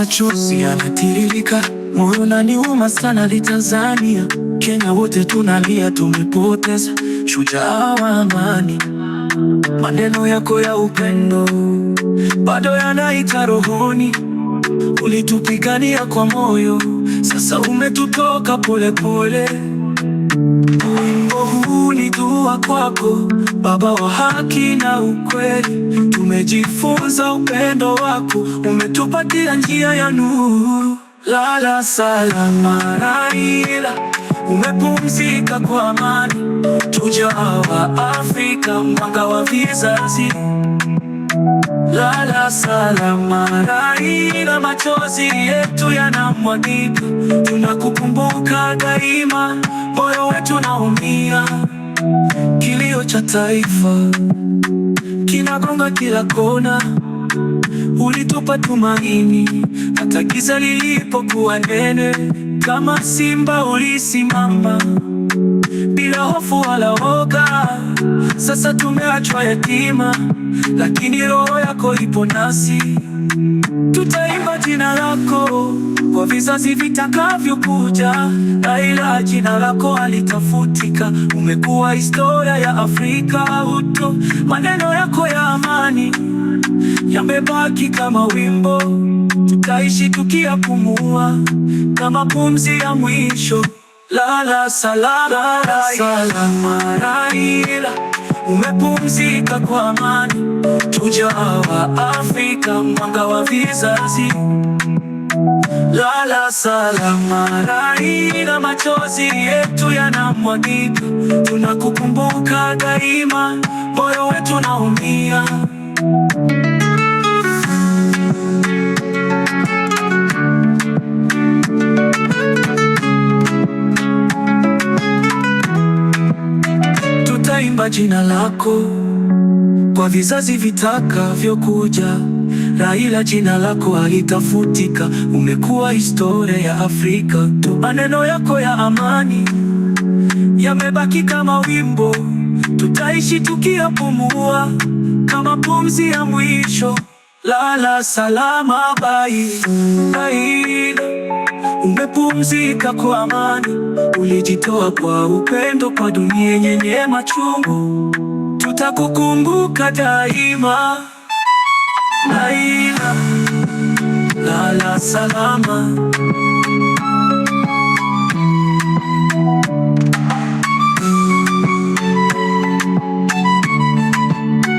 machozi yanatiririka, moyo unaniuma sana li Tanzania, Kenya wote tunalia, tumepoteza shujaa wa amani. Maneno yako ya upendo bado yanaita rohoni, ulitupigania kwa moyo, sasa umetutoka polepole pole. Huu ni dua kwako Baba wa haki na ukweli, tumejifunza upendo wako, umetupatia njia ya nuru. Lala salama Raila, umepumzika kwa amani, tujawa Afrika, mwanga wa vizazi. Lala salama Raila, machozi yetu yanamwagika, tunakukumbuka daima dunia. Kilio cha taifa kinagonga kila kona, ulitupa tumaini hata giza lilipokuwa nene. Kama simba ulisimama bila hofu wala woga. Sasa tumeachwa yatima, lakini roho yako ipo nasi. Tutaimba jina lako kwa vizazi vitakavyokuja. ila jina lako halitafutika. Umekuwa historia ya Afrika uto. Maneno yako ya amani yamebaki kama wimbo, tutaishi tukiyapumua kama pumzi ya mwisho. la salama, salama Laila umepumzika kwa amani. tuja wa Afrika, mwanga wa vizazi. Lala salama, rai na machozi yetu yanamwagika. Tunakukumbuka daima, moyo wetu naumia jina lako kwa vizazi vitakavyokuja. Raila, jina lako halitafutika, umekuwa historia ya Afrika. Maneno yako ya amani yamebaki kama wimbo, tutaishi tukiyapumua kama pumzi ya mwisho. Lala salama bai, bai umepumzika kwa amani, ulijitoa kwa upendo kwa dunia yenye machungu. Tutakukumbuka daima, Laila lala salama.